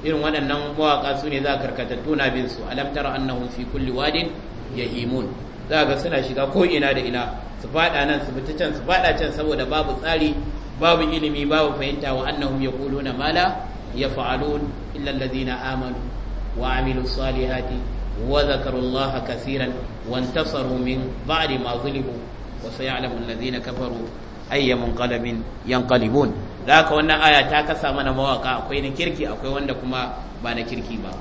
irin waɗannan mawaka su ne za a karkatattu na bin su alam tara annahum fi kulli wadin yahimun za ga suna shiga ko ina da ina su fada nan su fita can su fada can saboda babu tsari babu ilimi babu fahimta wa annahum yaquluna ma la yaf'alun illa alladhina amanu وعملوا الصالحات وذكروا الله كثيرا وانتصروا من بعد ما ظلموا وسيعلم الذين كفروا أي منقلب ينقلبون ذاك وانا آية تاكسا من مواقع أكوين كيركي أكوين وانا كما بانا كيركي با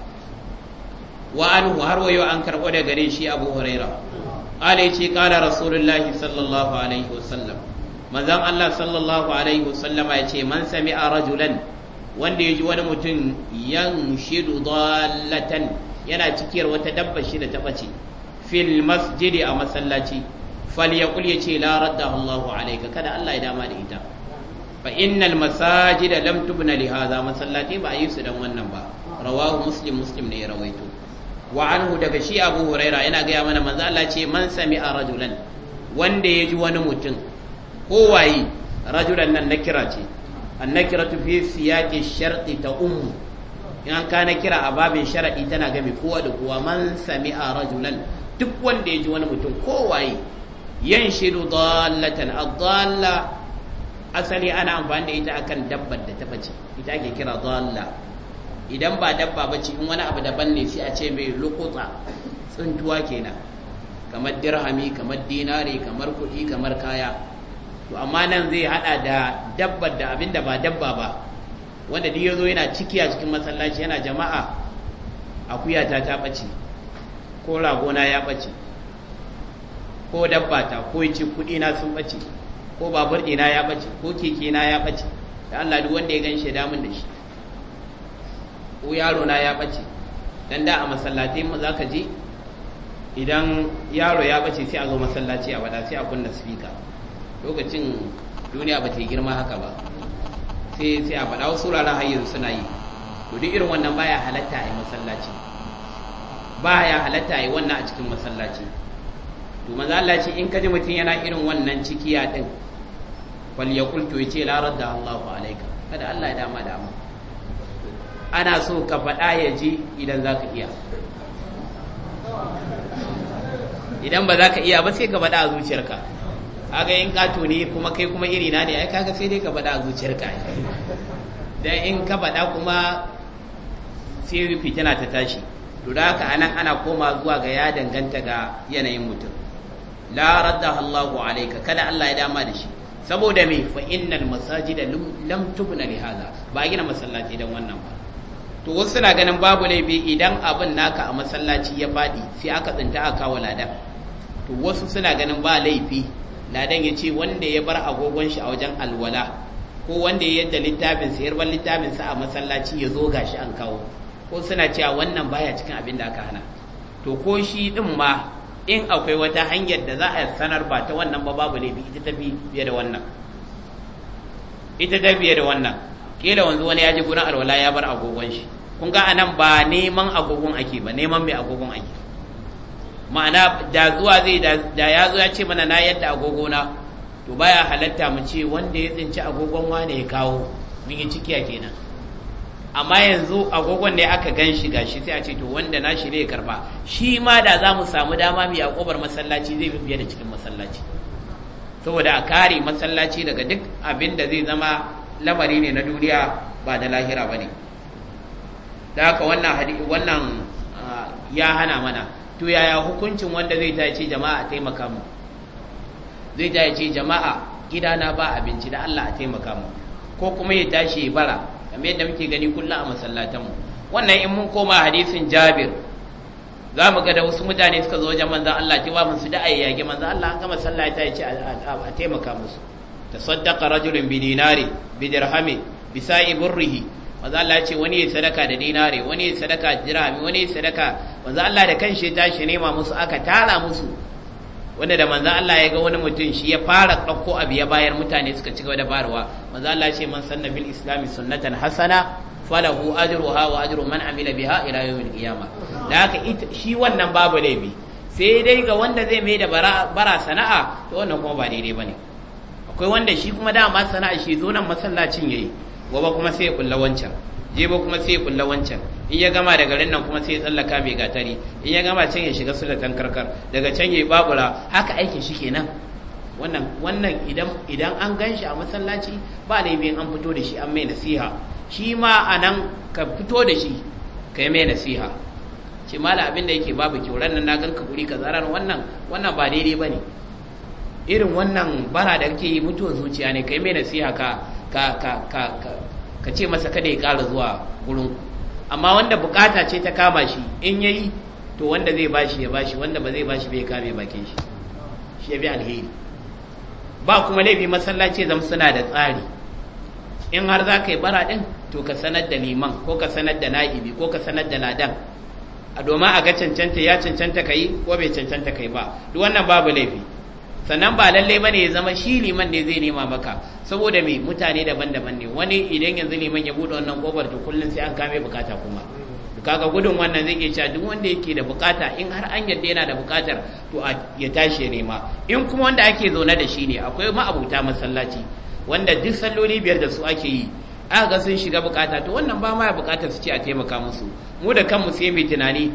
وأنه هروا يؤنكر قد قريشي أبو هريرة قال قال رسول الله صلى الله عليه وسلم manzon Allah sallallahu alaihi wasallama ya ce man sami'a rajulan wanda ya ji wani mutum yan shidu dalatan yana cikiyar wata dabba shi da ta ɓace fil masjidi a masallaci fal ya ce la radda Allahu alaika kada Allah ya dama da ita fa innal masajida lam tubna li hadha masallati ba yi su dan wannan ba rawahu muslim muslim ne ya rawaito wa anhu daga shi Abu Huraira yana gaya mana manzo Allah ce man sami a rajulan wanda ya ji wani mutum ko waye rajulan nan na kira ce annakiratu fi siyaqi sharti ta ummu in ka na kira a babin sharadi tana gami kowa da kowa man sami'a rajulan duk wanda ya ji wani mutum yan yanshidu dallatan ad asali ana amfani da ita akan dabbar da ta bace ita ake kira dalla idan ba dabba bace in wani abu daban ne sai a ce mai lukuta tsuntuwa kenan kamar dirhami kamar dinari kamar kuɗi kamar kaya to amma nan zai hada da dabbar da abin da ba dabba ba wanda duk yazo yana ciki a cikin masallaci yana jama'a akuya ta ta bace ko ragona ya bace ko dabba ta ko yace kudi na sun bace ko babur ɗina ya bace ko keke na ya bace da Allah duk wanda ya ganshi damun da shi ko yaro na ya bace dan da a masallatai mu zaka je idan yaro ya bace sai a zo masallaci a wada sai a kunna speaker lokacin duniya ba ta yi girma haka ba sai sai a faɗa wasu wuraren har yanzu suna yi to duk irin wannan baya halatta a yi masallaci baya halatta a yi wannan a cikin masallaci to manzo Allah ya ce in kaji mutum yana irin wannan cikiya din fal yaqul to yace la radda Allahu alayka kada Allah ya dama dama ana so ka faɗa ya ji idan zaka iya idan ba za ka iya ba sai ka faɗa a zuciyarka aga yin kato ne kuma kai kuma iri na ne ai kaga sai dai ka bada a zuciyar ka. dan in ka faɗa kuma sai tana ta tashi to ka anan ana koma zuwa ga ya danganta ga yanayin mutum la radda Allahu alayka kada Allah ya dama da shi saboda me fa innal masajida lam tubna li hadha ba gina masallaci dan wannan ba to wasu na ganin babu laifi idan abin naka a masallaci ya faɗi sai aka tsinta a kawo lada to wasu suna ganin ba laifi ladan ya ce wanda ya bar agogon shi a wajen alwala ko wanda ya yadda littafin sa yarban littafin sa a masallaci ya zo gashi an kawo ko suna cewa wannan baya cikin abin da aka hana to ko shi din ma in akwai wata hanyar da za a sanar ba ta wannan ba babu laifi ita ta biye da wannan ita ta biye da wannan kila wanzu wani ya ji gurin alwala ya bar agogon shi kun ga anan ba neman agogon ake ba neman mai agogon ake ma'ana da zuwa zai da ya zo ya ce mana na yadda agogona to baya halatta mu ce wanda ya tsinci agogon wane ya kawo mun yi cikiya kenan amma yanzu agogon ne aka gan shi ga shi sai a ce to wanda na shi ne karba shi ma da za mu samu dama mai akobar masallaci zai bi da cikin masallaci saboda a kare masallaci daga duk abin da zai zama lamari ne na duniya ba da lahira ba ne da haka wannan ah, ya hana mana to yaya hukuncin wanda zai ta ce jama'a taimaka mu zai ta ce jama'a gidana ba abinci da Allah a taimaka mu ko kuma ya tashi ya bara kamar yadda muke gani kullum a masallatan mu wannan in mun koma hadisin Jabir za mu ga da wasu mutane suka zo wajen manzan Allah cewa mun su da ayyage manzan Allah an gama sallah ta ce a taimaka musu tasaddaqa rajulun bi dinari bi dirhami bi sa'i burrihi maza Allah ce wani ya sadaka da dinare wani ya sadaka jirami wani ya sadaka maza Allah da kanshi ya tashi nema musu aka tara musu wanda da maza Allah ya ga wani mutum shi ya fara ɗauko abu ya bayar mutane suka ci gaba da barwa maza Allah ce man sanna bil islami sunnatan hasana falahu ajruha wa ajru man amila biha ila yawmil qiyamah da haka shi wannan babu laifi sai dai ga wanda zai mai da bara sana'a to wannan kuma ba daidai bane akwai wanda shi kuma dama sana'a shi zo nan masallacin yayi gobe kuma sai ya kulla wancan jebo kuma sai ya kulla wancan in ya gama daga ran nan kuma sai ya tsallaka mai gatari in ya gama can ya shiga sulatan karkar daga can ya babura haka aikin shi kenan wannan wannan idan idan an shi a masallaci ba laifin an fito da shi an mai nasiha shi ma a nan ka fito da shi ka yi mai nasiha ce abin da yake babu kyau ran nan na ka guri ka zarar wannan wannan ba daidai ba ne irin wannan bara da kake yi mutuwar zuciya ne kai mai nasiha ka ka ce masa kada ya ƙara zuwa gurin amma wanda bukata ce ta kama shi in yayi to wanda zai bashi ya bashi wanda ba zai bashi bai kame bakin shi shi ya bi alheri ba kuma laifi masallaci zama suna da tsari in har za ka yi bara ɗin to ka sanar da liman ko ka sanar da na'ibi ko ka sanar da ladan a domin a ga cancanta ya cancanta ka yi ko bai cancanta ka yi ba duk wannan babu laifi sannan ba lalle ne ya zama shi liman ne zai nema maka saboda me mutane daban-daban ne wani idan yanzu liman ya buɗe wannan kofar to kullum sai an kame bukata kuma kaga gudun wannan zai ke cewa duk wanda yake da bukata in har an yadda yana da bukatar to ya tashi ya nema in kuma wanda ake zaune da shi ne akwai ma'abuta masallaci wanda duk salloli biyar da su ake yi aka ga sun shiga bukata to wannan ba ma ya bukatar su ce a taimaka musu mu da kanmu sai mai tunani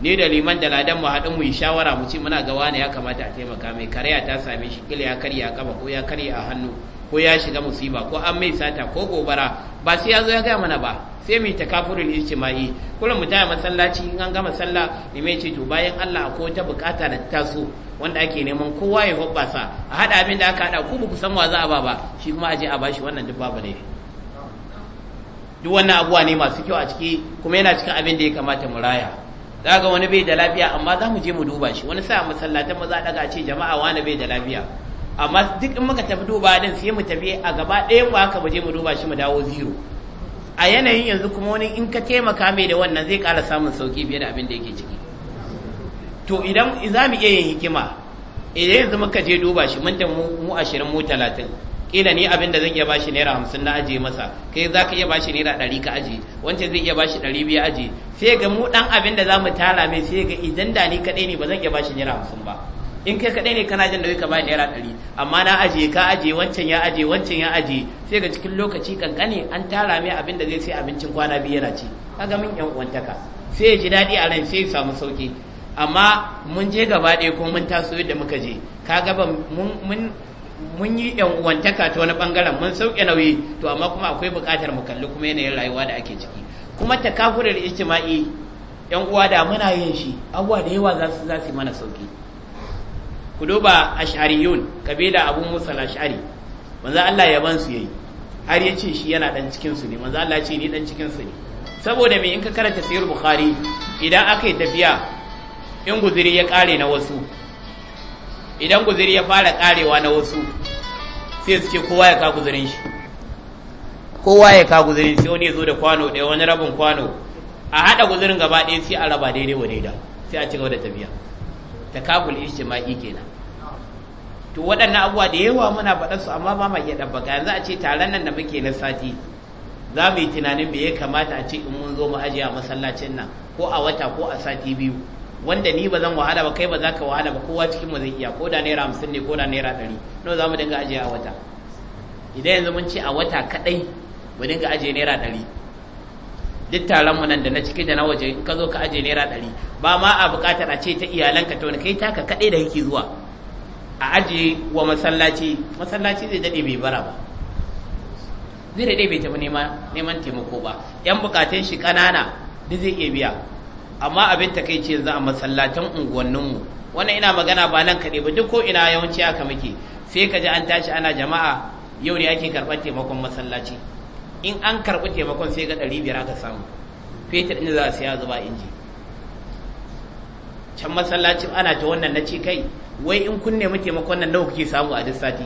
ni da liman da ladan mu haɗin mu yi shawara mu ce muna ga wani ya kamata a taimaka mai karya ta same shi kila ya karya kafa ko ya karya a hannu ko ya shiga musiba ko an mai sata ko gobara ba sai ya zo ya gaya mana ba sai mu ta kafurul ijtimai kullum mu taya masallaci in an gama sallah mai ce to bayan Allah ko ta bukata da taso wanda ake neman kowa ya hobbasa a hada abin da aka hada ku ba ku san wa za a ba ba shi kuma aje a bashi wannan duk babu ne duk wannan abuwa ne masu kyau a ciki kuma yana cikin abin da ya kamata mu raya za ga wani bai da lafiya amma za mu je mu duba shi wani sa masallatan maza daga ce jama'a wani bai da lafiya amma duk in muka tafi duba din sai mu tafi a gaba ɗaya ba haka mu je mu duba shi mu dawo zero a yanayin yanzu kuma wani in ka taimaka mai da wannan zai kara samun sauki fiye da abin da yake ciki to idan za mu iya yin hikima idan yanzu muka je duba shi mun mu ashirin mu talatin kila ni abin da zan iya bashi naira hamsin na ajiye masa kai za ka iya bashi naira ɗari ka ajiye wancan zai iya bashi ɗari biyu ajiye sai ga mu ɗan abin da za mu tara mai sai ga idan da ni kaɗai ne ba zan iya bashi naira hamsin ba in kai kaɗai ne kana jin da ka bayar naira ɗari amma na ajiye ka ajiye wancan ya ajiye wancan ya ajiye sai ga cikin lokaci kankane an tara mai abin da zai sai abincin kwana biyu yana ci kaga min yan uwantaka sai ya ji daɗi a ran sai samu sauki amma mun je gaba ɗaya ko mun taso yadda muka je kaga ba mun mun yi yan uwantaka ta wani bangaren mun sauke nauyi to amma kuma akwai buƙatar mu kalli kuma yanayin rayuwa da ake ciki kuma takafurar ijtima'i yan uwa da muna yin shi abuwa da yawa za su yi mana sauki ku duba ash'ariyun kabila abu musa ash'ari manzo Allah ya ban su yayi har ya ce shi yana dan cikin su ne manzo Allah ya ce ni dan cikin su ne saboda me in ka karanta sahih bukhari idan aka yi tafiya in guziri ya kare na wasu idan guziri ya fara karewa na wasu sai su kowa ya ka guzirin shi kowa ya ka guzirin sai wani ya zo da kwano ɗaya wani rabin kwano a haɗa guzirin gaba ɗaya sai a raba daidai wa daida sai a cigaba da tafiya ta takabul ijtima'i kenan to waɗannan abubuwa da yawa muna faɗa su amma ba ma iya ɗabbaka yanzu a ce taron nan da muke na sati za mu yi tunanin me ya kamata a ce in mun zo mu ajiye a masallacin nan ko a wata ko a sati biyu wanda ni ba zan wahala ba kai ba za ka wahala ba kowa cikin mu zai iya ko da naira hamsin ne ko da naira ɗari nawa za mu dinga ajiye a wata idan yanzu mun ce a wata kaɗai mu dinga ajiye naira ɗari duk taron mu nan da na ciki da na waje in ka zo ka ajiye naira ɗari ba ma a buƙatar a ce ta iyalanka ta wani kai taka kaɗai da kike zuwa a ajiye wa masallaci masallaci zai daɗe bai bara ba zai daɗe bai taɓa neman taimako ba yan buƙatun shi ƙanana duk zai iya biya amma abin ta kai ce za a masallatan unguwanninmu wannan ina magana ba nan kaɗai ba duk ko ina yawanci aka muke sai ka ji an tashi ana jama'a yau ne ake karɓar taimakon masallaci in an karɓi taimakon sai ga ɗari biyar aka samu fetur ɗin za a siya zuba inji can masallaci ana ta wannan na ce kai wai in kun nemi taimakon nan nawa kuke samu a duk sati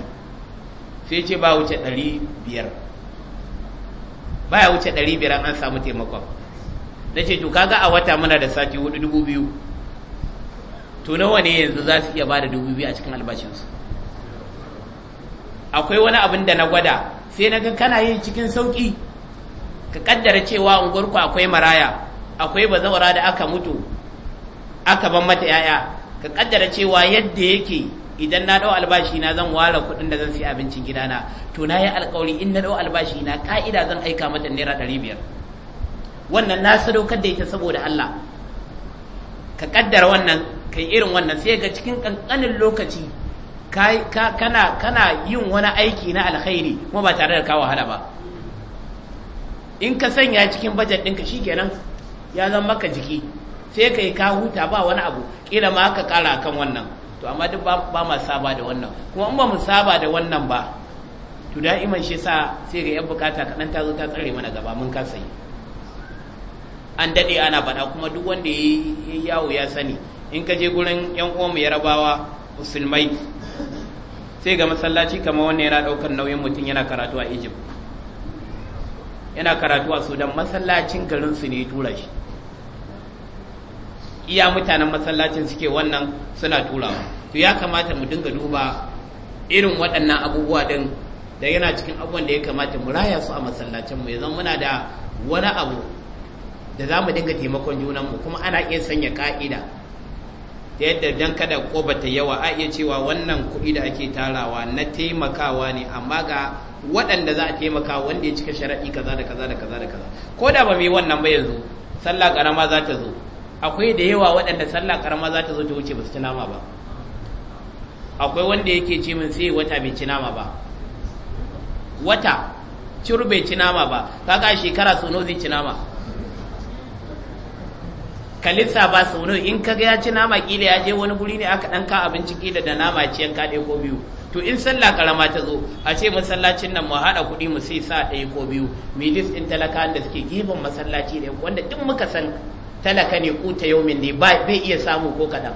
sai ce ba wuce ɗari biyar baya wuce ɗari biyar an samu taimakon na ce to kaga a wata muna da sati hudu dubu biyu to nawa ne yanzu za su iya bada dubu biyu a cikin albashinsu akwai wani abin da na gwada sai na ga kana yin cikin sauki ka kaddara cewa unguwarku akwai maraya akwai bazawara da aka mutu aka ban mata yaya ka kaddara cewa yadda yake idan na dau albashi na zan ware kuɗin da zan siya abincin gidana to na yi alkawari in na dau albashi na ka'ida zan aika mata naira ɗari biyar wannan na sadaukar da ita saboda Allah ka kaddara wannan kai irin wannan sai ga cikin kankanin lokaci kana kana yin wani aiki na alkhairi kuma ba tare da ka wahala ba in ka sanya cikin bajet ɗinka shikenan ya zama maka jiki sai kai ka huta ba wani abu kila ma ka kara kan wannan to amma duk ba ma saba da wannan kuma in ba mu saba da wannan ba to da'iman shi sa sai ga yan bukata kaɗan ta zo ta tsare mana gaba mun kasa yi an daɗe ana bana kuma duk wanda ya yi yawo ya sani in ka je gurin yan uwanmu yarabawa musulmai sai ga masallaci kama wanda yana ɗaukar nauyin mutum yana karatu a egypt yana karatu a sudan masallacin garin su ne tura shi iya mutanen masallacin suke wannan suna turawa to ya kamata mu dinga duba irin waɗannan abubuwa din da yana cikin abubuwan da ya kamata mu raya su a masallacin mu ya zama muna da wani abu da za mu dinga taimakon junanmu kuma ana iya sanya ka'ida ta yadda don kada koba ta yawa a iya cewa wannan kuɗi da ake tarawa na taimakawa ne amma ga waɗanda za a taimaka wanda ya cika sharaɗi kaza da kaza da kaza da kaza ko da ba mai wannan ba yanzu sallah karama za ta zo akwai da yawa waɗanda sallah karama za ta zo ta wuce ba su ci nama ba akwai wanda yake ce min sai wata bai ci nama ba wata cur bai ci nama ba kaga shekara sono zai ci nama kalitsa ba su wani in kaga ya ci nama kila ya je wani guri ne aka ɗan abinci kila da nama ci yanka ɗaya ko biyu to in sallah karama ta zo a ce masallacin nan mu haɗa kuɗi mu sai sa ɗaya ko biyu milis ɗin talaka da suke gefen masallaci ne wanda duk muka san talaka ne kuta yaumin ne bai iya samu ko kaɗan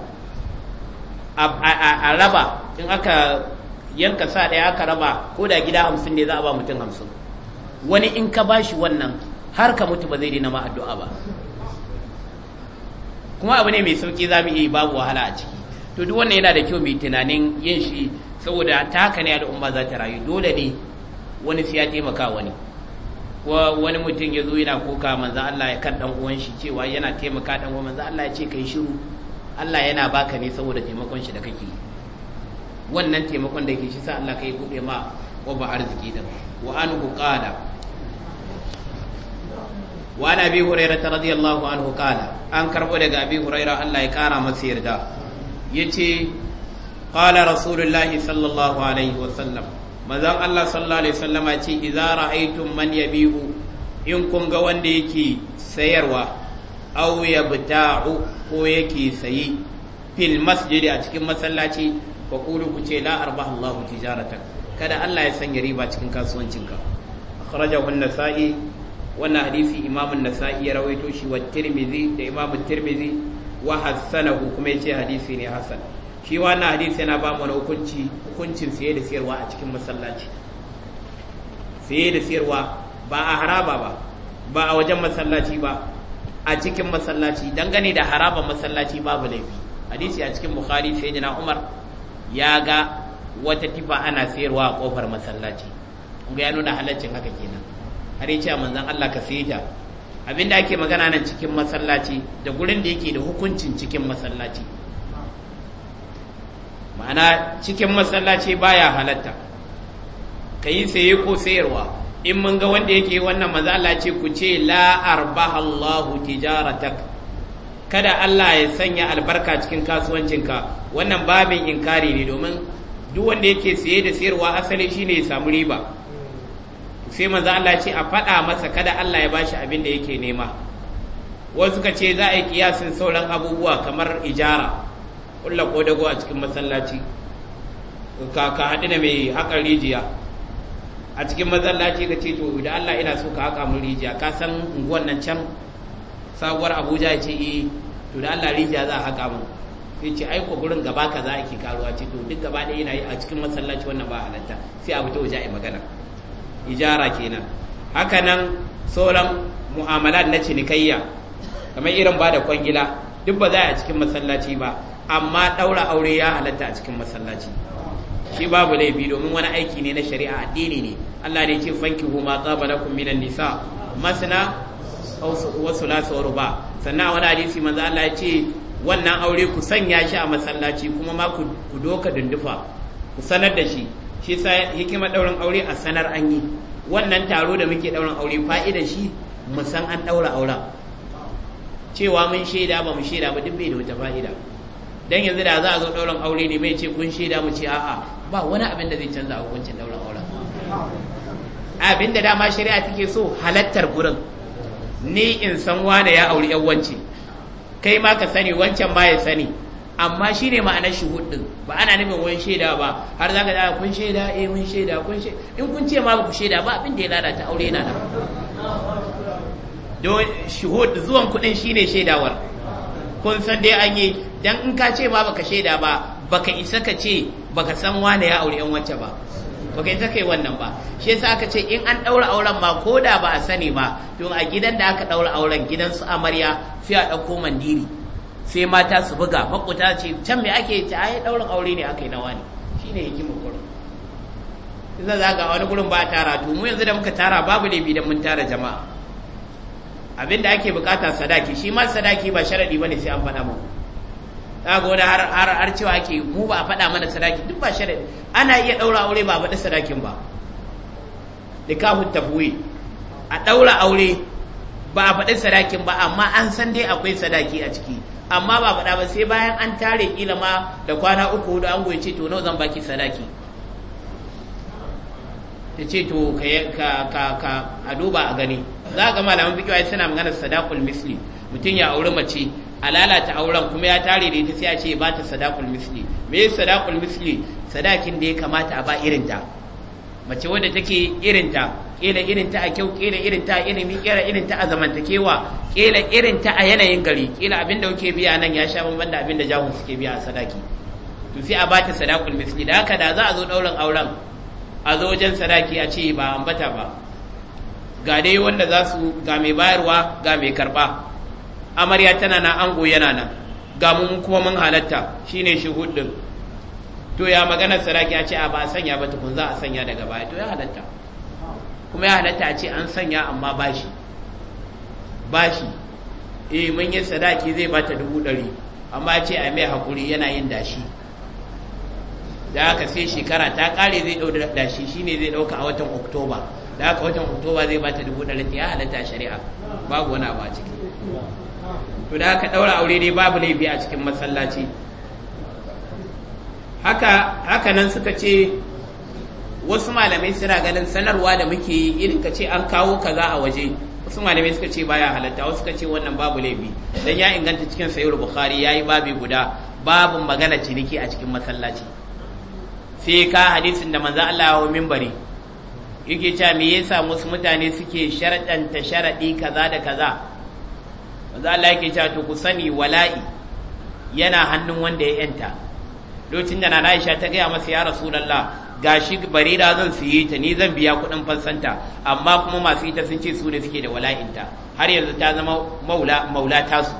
a raba in aka yanka sa ɗaya aka raba ko da gida hamsin ne za a ba mutum hamsin wani in ka bashi wannan har ka mutu ba zai daina ma addu'a ba kuma abu ne mai sauki za mu iya babu wahala a ciki to duk wannan yana da kyau mai tunanin yin shi saboda ta haka ne al'umma za ta rayu dole ne wani siya taimaka wani wani mutum ya zo yana koka manzan Allah ya kan dan uwan shi cewa yana taimaka dan uwan manzan Allah ya ce kai shiru Allah yana baka ne saboda taimakon shi da kake wannan taimakon da ke shi sa Allah kai bude ma wa ba arziki da wa an qala wa ana bi hurairah radiyallahu anhu qala an karbo daga abi hurairah Allah ya kara masa yarda yace qala rasulullahi sallallahu alaihi wa sallam manzon Allah sallallahu alaihi wasallam ce idza ra'aytum man yabihu in kun ga wanda yake sayarwa aw yabta'u ko yake sayi fil masjid a cikin masallaci fa qulu ku ce la arbaha tijaratak kada Allah ya sanya riba cikin kasuwancinka akhrajahu an-nasa'i wannan hadisi imamun nasa'i ya rawaito shi wa tirmidhi da imamun tirmidhi wa hassanahu kuma yace hadisi ne hasan shi wannan hadisi yana ba mana hukunci hukuncin sai da siyarwa a cikin masallaci sai da siyarwa ba a haraba ba ba a wajen masallaci ba a cikin masallaci dangane da haraba masallaci babu laifi hadisi a cikin bukhari sayyidina umar ya ga wata tifa ana sayarwa a kofar masallaci ga ya nuna halaccin haka kenan har yace manzon Allah ka saye ta abinda ake magana nan cikin masallaci da gurin da yake da hukuncin cikin masallaci ma'ana cikin masallaci baya halatta ka yi saye ko sayarwa in mun ga wanda yake wannan maza Allah ce ku ce la arbaha Allahu tijaratak kada Allah ya sanya albarka cikin kasuwancinka wannan babin inkari ne domin duk wanda yake saye da sayarwa asali shine ya samu riba sai manzo Allah ce a faɗa masa kada Allah ya bashi abin da yake nema wasu suka ce za a yi kiyasin sauran abubuwa kamar ijara kulla kodago a cikin masallaci ka ka haɗu da mai haƙa rijiya a cikin masallaci ka ce to da Allah ina so ka haƙa mun rijiya ka san unguwan nan can sabuwar Abuja ce eh to da Allah rijiya za a haƙa mun sai ce aiko gurin gaba kaza ake karuwa ce to duk gaba ɗaya yana yi a cikin masallaci wannan ba halatta sai a fita waje a yi magana ijara kenan hakanan sauran mu'amala na cinikayya kamar irin ba da kwangila duk ba za a cikin masallaci ba amma ɗaura aure ya halatta a cikin masallaci shi babu laifi domin wani aiki ne na shari'a addini ne Allah ne ce fanki huma tsaba lakum minan nisa masana wasu lasa wa ruba sannan wani hadisi manzo Allah ya ce wannan aure ku sanya shi a masallaci kuma ma ku doka dundufa ku sanar da shi shi sa hikimar ɗaurin aure a sanar an yi wannan taro da muke ɗaurin aure fa'idan shi mu san an ɗaura auren cewa mun shaida ba mu shaida ba duk bai da wata fa'ida dan yanzu da za a zo ɗaurin aure ne mai ce kun shaida mu ce a'a ba wani abin da zai canza a hukuncin ɗaurin auren abin da dama shari'a take so halattar gurin ni in san wane ya auri yawanci kai ma ka sani wancan ma ya sani amma shi ne ma'anar shi hudun ba ana nufin wani shaida ba har za ka da kun shaida eh mun shaida kun shaida in kun ce ma ku shaida ba abin da ya lalata aure na. nan don shuhud zuwan kuɗin shi ne shaidawar kun san dai an yi dan in ka ce ma baka shaida ba baka isa ka ce baka san wane ya aure yan wacce ba baka isa kai wannan ba shi yasa aka ce in an daura auren ma ko da ba a sani ba don a gidan da aka daura auren gidan su amarya fiye a dauko mandiri sai mata su buga makuta ce can me ake ta ai daura aure ne aka yi na wani shine hikimar gurin idan za ga wani gurin ba tara to mu yanzu da muka tara babu laifi da mun tara jama'a abin da ake bukata sadaki shi ma sadaki ba sharadi bane sai an faɗa muku ta gode har har har cewa ake mu ba a faɗa mana sadaki duk ba sharadi ana iya daura aure ba a faɗi sadakin ba likahu tafwi a daura aure ba a faɗi sadakin ba amma an san dai akwai sadaki a ciki amma ba faɗa ba sai bayan an tare ilima da kwana uku da an ce to nawa zan baki sadaki ta ce to ka a duba a gani za ga malaman bikin ai suna magana sadakul misli mutum ya auri mace a lalata auren kuma ya tare da ita sai a ce ba ta sadakul misli me sadakul misli sadakin da ya kamata a ba irin ta mace wadda take irinta kila irinta a kyau kila irinta a ilimi kila irinta a zamantakewa kila irinta a yanayin gari kila abinda kuke biya nan ya sha abin da abinda jahun suke biya a sadaki to sai a bata sadakul misli da haka da za a zo ɗaurin auren a zo wajen sadaki a ce ba ambata ba ga dai wanda za su ga mai bayarwa ga mai karba amarya tana na ango yana nan ga mun kuma mun halatta shine shuhud din to ya maganar sadaki a ce a ba a sanya ba tukun za a sanya daga baya to ya halatta kuma ya halatta a ce an sanya amma bashi bashi eh mun yi sadaki zai bata dubu ɗari amma ce a mai hakuri yana yin dashi da aka sai shekara ta ƙare zai ɗau dashi shine zai ɗauka a watan oktoba da aka watan oktoba zai bata dubu ɗari ta ya halatta shari'a babu wani abu a ciki to da aka ɗaura aure dai babu laifi a cikin masallaci haka haka nan suka ce wasu malamai suna ganin sanarwa da muke yi irin ka ce an kawo kaza a waje wasu malamai suka ce baya halatta wasu suka ce wannan babu laifi dan ya inganta cikin sayyid bukhari yayi babu guda babu magana ciniki a cikin masallaci sai ka hadisin da manzo Allah ya minbari yake cewa me yasa wasu mutane suke sharadanta sharadi kaza da kaza manzo Allah yake cewa to ku sani wala'i yana hannun wanda ya yanta lokacin da nana Aisha ta gaya masa ya Rasulullah gashi barira zan siye ta ni zan biya kuɗin fansanta amma kuma masu ita sun ce su ne suke da wala'inta har yanzu ta zama maula maula tasu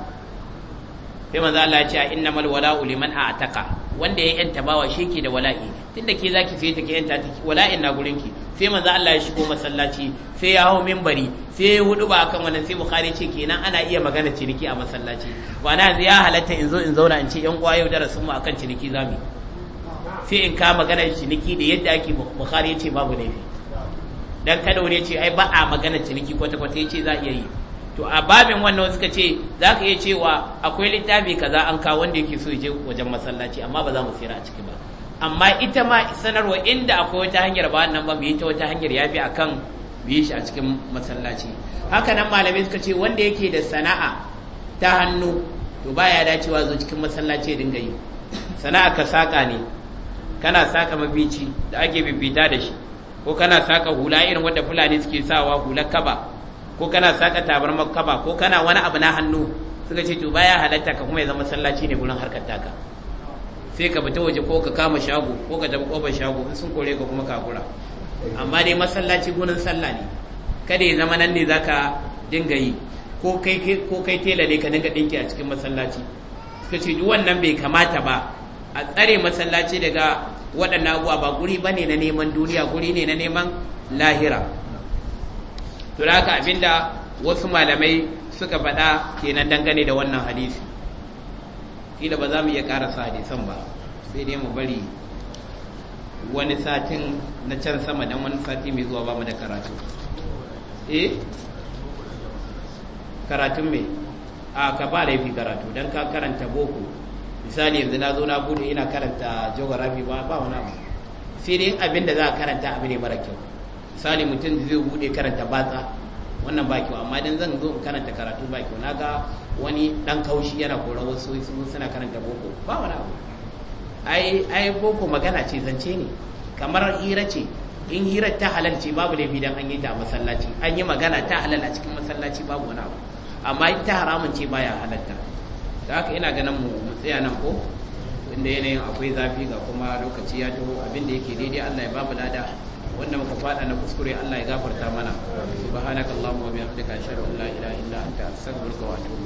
sai manzo Allah ya ce innamal wala'u liman ataka wanda ya yanta bawa shi ke da wala'i tunda ke zaki siye ta ke yanta wala'in na gurin ki sai manzo Allah ya shigo masallaci sai ya hau minbari sai ya hudu ba kan wannan sai bukhari ce kenan ana iya magana ciniki a masallaci wana na yanzu ya halatta in zo in zauna in ce yan uwa yau darasin mu akan ciniki zamu sai in ka magana ciniki da yadda ake bukhari ya ce babu laifi dan kada wani ya ce ai ba a magana ciniki kwata kwata ya ce za a iya yi to a babin wannan suka ce za ka iya cewa akwai littafi kaza an kawo wanda yake so ya je wajen masallaci amma ba za mu tsira a ciki ba amma ita ma sanarwa inda akwai wata hanyar ba nan ba mu ta wata hanyar yafi akan mu shi a cikin masallaci haka nan malamai suka ce wanda yake da sana'a ta hannu to baya dacewa zo cikin masallaci dinga yi sana'a ka saka ne kana saka mabici da ake bibita da shi ko kana saka hula irin wanda fulani suke sawa hula kaba ko kana saka tabarmar kaba ko kana wani abu na hannu suka ce to baya halatta ka kuma ya zama masallaci ne gurin harkar taka sai ka fita waje ko ka kama shago ko ka taba kofar shago in sun kore ka kuma kakura amma dai masallaci gurin sallah ne kada ya zama nan ne za ka dinga yi ko kai tela ne ka dinga dinki a cikin masallaci suka ce duk wannan bai kamata ba a tsare masallaci daga waɗannan abuwa ba guri ba ne na neman duniya guri ne na neman lahira to haka abinda wasu malamai suka faɗa kenan dangane da wannan hadisi kila ba za mu iya karasa hadisan ba sai dai mu bari wani satin na can sama dan wani sati mai zuwa ba mu da karatu eh karatun me a ka ba laifi karatu dan ka karanta boko misali yanzu na zo na bude ina karanta geography ba ba wani abu sai dai abin da za a karanta abu ne mara kyau misali mutum zai bude karanta batsa wannan ba kyau amma dan zan zo karanta karatu ba kyau na ga wani dan kaushi yana koran wasu suna karanta boko ba wani abu ai ai boko magana ce zance ne kamar hira ce in hirar ta halal ce babu laifi dan an yi ta masallaci an yi magana ta halal a cikin masallaci babu wani abu amma in ta haramun ce baya halatta da haka ina ganin mu mu tsaya nan ko inda yanayin akwai zafi ga kuma lokaci ya taho abin da yake daidai Allah ya babu lada wanda muka fada na kuskure Allah ya gafarta mana subhanaka allahumma wa bihamdika ashhadu an la ilaha illa anta astaghfiruka wa atubu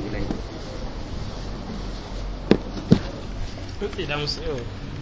ilayk idan